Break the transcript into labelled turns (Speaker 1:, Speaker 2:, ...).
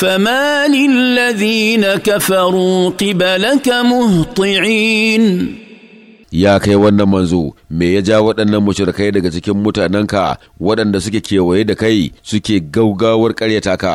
Speaker 1: فما للذين كفروا قبلك مهطعين
Speaker 2: ya kai wannan manzo me ya ja waɗannan mushrikai daga cikin mutanenka waɗanda suke kewaye da kai suke gaugawar ƙaryata ka